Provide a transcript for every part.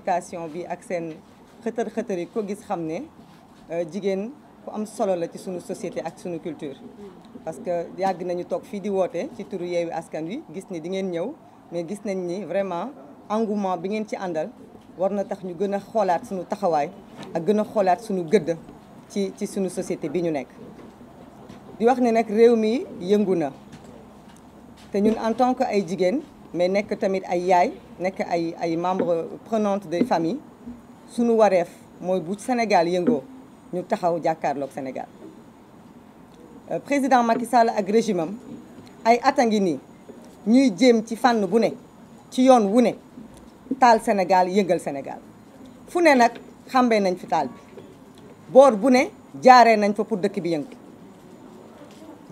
hésitation bi ak seen xëtër xëtër yi ko gis xam ne euh, jigéen ku am solo la ci sunu société ak sunu culture. parce que yàgg nañu toog fii di woote ci turu Yewwi Askan Wi gis ni di ngeen ñëw mais gis nañ ni vraiment engouement bi ngeen ci àndal war na tax ñu gën a xoolaat sunu taxawaay ak gën a xoolaat sunu gëdd ci ci sunu société bi ñu nekk. di wax ne nag réew mi yëngu na te ñun en tant que ay jigéen. mais nekk tamit ay yaay nekk ay ay membres prenantes des familles sunu wareef mooy bu Sénégal yëngoo ñu taxaw jàkkaarloog Sénégal euh, président Macky Sall ak régime ay at a ngi nii ñuy jéem ci fànn bu ne ci yoon wu ne taal Sénégal yëngal Sénégal fu ne nag xàmbee nañ fi taal bi boor bu ne jaaree nañ fa pour dëkk bi yëngu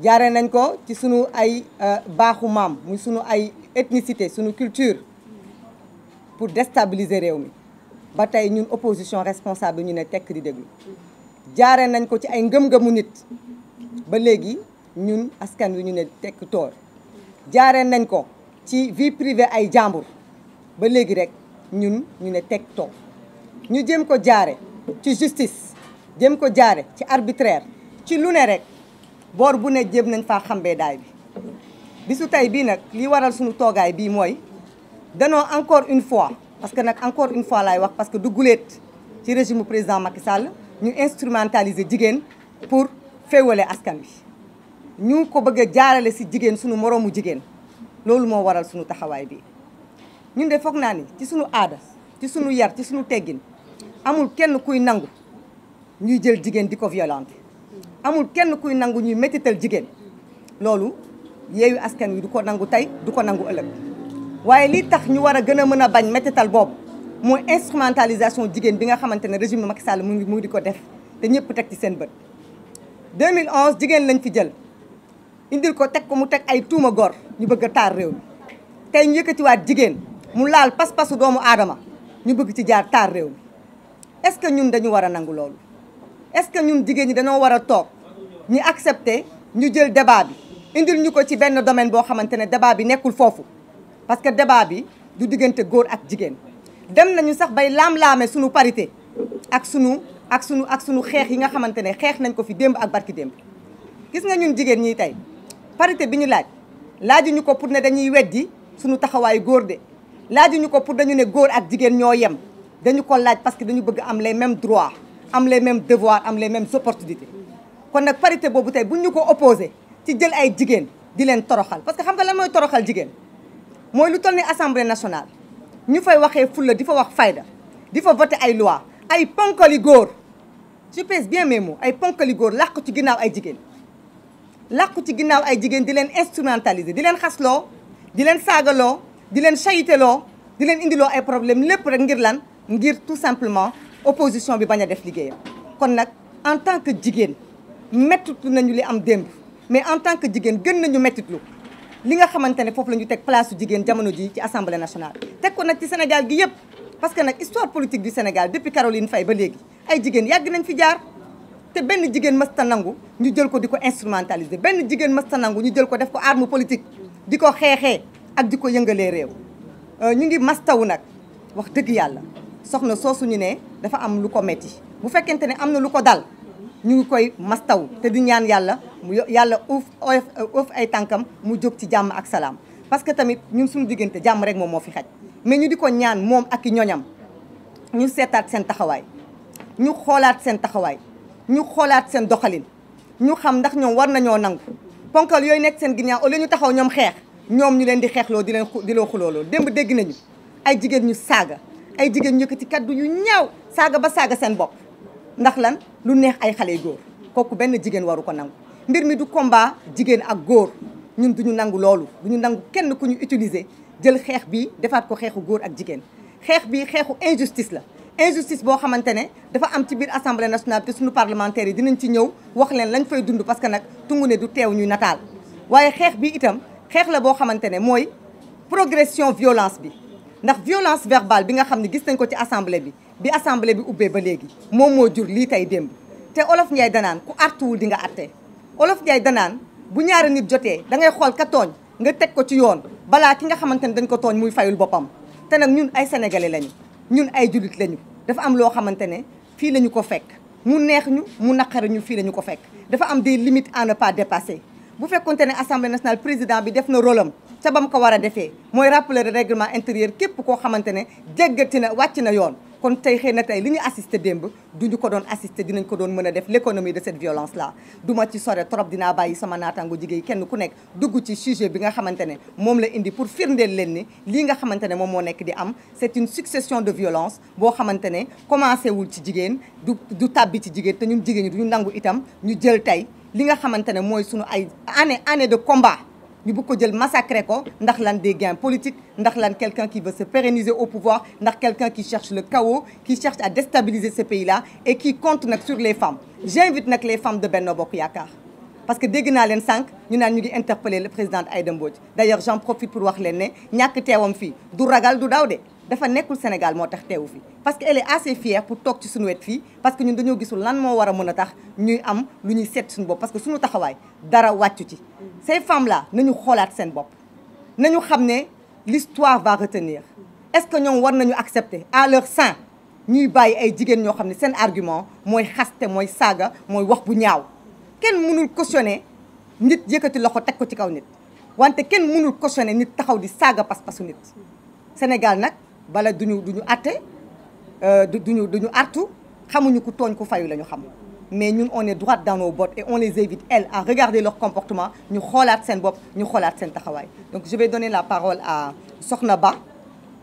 jaaree nañ ko ci sunu ay euh, baaxu maam muy sunu ay ethnicité sunu culture pour déstabiliser réew mi ba tey ñun opposition responsable ñu ne tekk di déglu jaare nañ ko ci ay ngëm-ngëmu nit ba léegi ñun askan wi ñu ne tekk toor jaare nañ ko ci vie privée ay jàmbur ba léegi rek ñun ñu ne tekk toor ñu jëm ko jaare ci justice jëm ko jaare ci arbitraire ci lu ne rek boor bu ne jëm nañ faa xambee daay bi su tey bii nag li waral suñu toogaay bii mooy danoo encore une fois parce que nag encore une fois lay wax parce que du guleet ci régime président Macky Sall ñu instrumentaliser jigéen pour féewale askan bi ñu ko bëgg a jaarale si jigéen suñu moroomu jigéen loolu moo waral suñu taxawaay bi ñun de foog naa ni ci suñu aada ci suñu yar ci suñu teggin amul kenn kuy nangu ñuy jël jigéen di ko violenter amul kenn kuy nangu ñuy métital jigéen loolu yeeyu askan wi du ko nangu tey du ko nangu ëllëg waaye li tax ñu war a gën a mën a bañ méttital boobu mooy instrumentalisation jigéen bi nga xamante ne régime Macky Sall mu ngi mu ngi di ko def te ñëpp teg ci seen bët. 2011 jigéen lañ fi jël indil ko teg ko mu teg ay tuuma góor ñu bëgg a taar réew mi tey ñu yëkkatiwaat jigéen mu laal pas-pasu doomu aadama ñu bëgg ci jaar taar réew mi est-ce que ñun dañu war a nangu loolu. est-ce que ñun jigéen ñi dañoo war a toog ñu accepter ñu jël débat bi. indil ñu ko ci benn domaine boo xamante ne débat bi nekkul foofu parce que débat bi du diggante góor ak jigéen dem nañu sax bay laam-laame suñu parité ak sunu ak sunu ak sunu xeex yi nga xamante ne xeex nañ ko fi démb ak barki démb gis nga ñun jigéen ñi tey parité bi ñu laaj laajuñu ko pour ne dañuy weddi suñu taxawaayu góor de laajuñu ko pour dañu ne góor ak jigéen ñoo yem dañu ko laaj parce que dañu bëgg am les mêmes droit am les mêmes devoirs am les mêmes opportunités kon nag parité boobu tey buñ ñu ko opposé ci jël ay jigéen di leen toroxal parce que xam nga lan mooy toroxal jigéen mooy lu toll ni assemblée nationale ñu fay waxee fulla di fa wax fayda di fa voté ay loi ay ponkali góor je pèse bien mes mots ay ponkali góor làqu ci ginnaaw ay jigéen làqu ci ginnaaw ay jigéen di leen instrumentaliser di leen xasloo di leen saagaloo di leen sayiteloo di leen indiloo ay problème lépp rek ngir lan ngir tout simplement opposition bi bañ a def liggéeyam kon nag en tant que jigéen méttitu nañu li am démb mais en tant que jigéen gën nañu mettitlu li nga xamante ne foofu la ñu teg place su jigéen jamono ji ci assemblée nationale. teg ko nag ci Sénégal gi yëpp parce que nag histoire politique du Sénégal depuis Caroline fay ba léegi ay jigéen yàgg nañ fi jaar te benn jigéen mësta nangu ñu jël ko di ko instrumentaliser benn jigéen mësta nangu ñu jël ko def ko arme politique di ko xeexee ak di ko yëngalee réew euh, ñu ngi mastawu nag wax dëgg yàlla soxna soosu ñu ne dafa am lu ko metti bu fekkente ne am na lu ko dal ñu ngi koy mastaw te di ñaan yàlla. mu yàlla uuf uuf ay tànkam mu jóg ci jàmm ak salaam parce que tamit ñun suñu diggante jàmm rek moom moo fi xaj mais ñu di ko ñaan moom ak i ñoñam ñu seetaat seen taxawaay ñu xoolaat seen taxawaay ñu xoolaat seen doxalin ñu xam ndax ñoom war nañoo nangu ponkal yooyu nekk seen ginnaaw au lieu ñu taxaw ñoom xeex ñoom ñu leen di xeexloo di leen di loo xulooloo démb dégg nañu ay jigéen ñu saaga ay jigéen ñu yëkkati kaddu yu ñaaw saaga ba saaga seen bopp ndax lan lu neex ay xale góor kooku benn jigéen waru ko nangu mbir mi du combat jigéen ak góor ñun duñu nangu loolu duñu nangu kenn ku ñu utiliser jël xeex bi defaat ko xeexu góor ak jigéen xeex bii xeexu injustice la injustice boo xamante ne dafa am ci biir assemblée nationale te suñu parlementaires yi dinañ ci ñëw wax leen lañ fay dund parce que nag tungu ne du teew ñu nataal waaye xeex bii itam xeex la boo xamante ne mooy progression violence bi ndax violence verbale bi nga xam ne gis nañ ko ci assemblée bi bi assemblée bi ubbee ba léegi moom moo jur lii tey démb te olof Ndiaye danaan ku artuwul di nga atte olof Njaay danaan bu ñaari nit jotee dangay xool ka tooñ nga teg ko ci yoon balaa ki nga xamante ne dañ ko tooñ muy fayul boppam te nag ñun ay sénégalais lañu ñun ay jullit lañu dafa am loo xamante ne fii lañu ko fekk mu neex ñu mu naqari ñu fii lañu ko fekk dafa am des limites en ne pas dépasser bu fekkante ne assemblée nationale président bi def na rôle am ca bam ko war a defee mooy rappeler règlement intérieur képp koo xamante ne jéggati na wàcc na yoon kon tey xëy na tey li ñu assisté démb du ñu ko doon assisté dinañ ko doon mën a def l'économie de cette violence là duma ci sore trop dinaa bàyyi sama naataango jigéen kenn ku nekk dugg ci sujet bi nga xamante ne moom la indi pour firndeel leen ni lii nga xamante ne moom moo nekk di am c'est une succession de violence boo xamante ne commencé wul ci jigéen du du tàbbi ci jigéen te ñun jigéen ñi ñu nangu itam ñu jël tey li nga xamante ne mooy sunu ay année année de combat ñu bëgg ko jël massacrer ko ndax lan des gains politiques ndax lan quelqu'un qui veut se pérenniser au pouvoir ndax quelqu'un qui cherche le chaos qui cherche à déstabiliser ce pays-là et qui compte nag sur les femmes j'invite nag les femmes de Benno Bokk Yaakaar parce que dégg naa leen sànq ñu naan ñu ngi interpeller le président Aïda Mbodj d'ailleurs j'en profite pour wax leen ne ñàkk teewam fii du ragal du daw de dafa nekkul Sénégal moo tax teewu fi parce que elle est assez ci suñu wet fii parce que ñun dañoo gisul lan moo a mën tax ñuy am lu ñuy seet suñu bopp parce que suñu taxawaay dara wàccu ci ces femmes là nañu xoolaat seen bopp na nañu xam ne l'histoire va retenir est-ce que ñoom war nañu accepter à leur sein ñuy bàyyi ay jigéen ñoo xam ne seen argument mooy xaste mooy saaga mooy wax bu ñaaw kenn mënul cautionner nit yëkkati loxo teg ko ci kaw nit wante kenn mënul cautionner nit taxaw di saaga pas-pasu nit Sénégal nag bala euh, du ñu atte duñu duñu artu xamuñu ku tooñ ku fayu la ñu xam mais ñun on est droite dans nos bottes et on les invite elles à regarder leur comportement ñu xoolaat seen bopp ñu xoolaat seen taxawaay donc je vais donner la parole à Sokhna Ba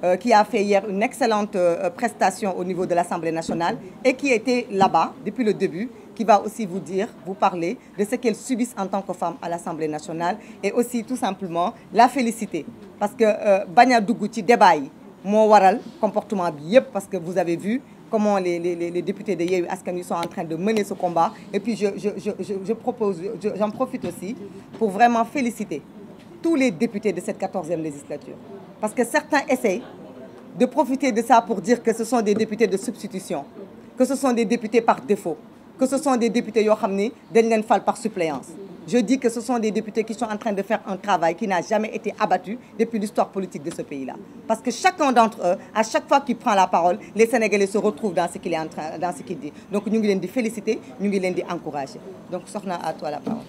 euh, qui a fait hier une excellente euh, prestation au niveau de l'Assemblée nationale et qui était là-bas depuis le début qui va aussi vous dire vous parler de ce qu'elles subissent en tant que femmes à l'Assemblée nationale et aussi tout simplement la féliciter parce que euh, bañ a dugg ci débat yi moo waral comportement bi yëpp parce que vous avez vu comment les, les, les députés de Yehu Askan sont en train de mener ce combat. Et puis je, je, je, je propose, j'en profite aussi pour vraiment féliciter tous les députés de cette 14e législature. Parce que certains essayent de profiter de ça pour dire que ce sont des députés de substitution, que ce sont des députés par défaut, que ce sont des députés qui par suppléance. Je dis que ce sont des députés qui sont en train de faire un travail qui n'a jamais été abattu depuis l'histoire politique de ce pays-là. Parce que chacun d'entre eux, à chaque fois qu'il prend la parole, les Sénégalais se retrouvent dans ce qu'il est en train, dans ce qu'il dit. Donc nous voulons les féliciter, nous voulons les encourager. Donc, Sorna, à toi la parole.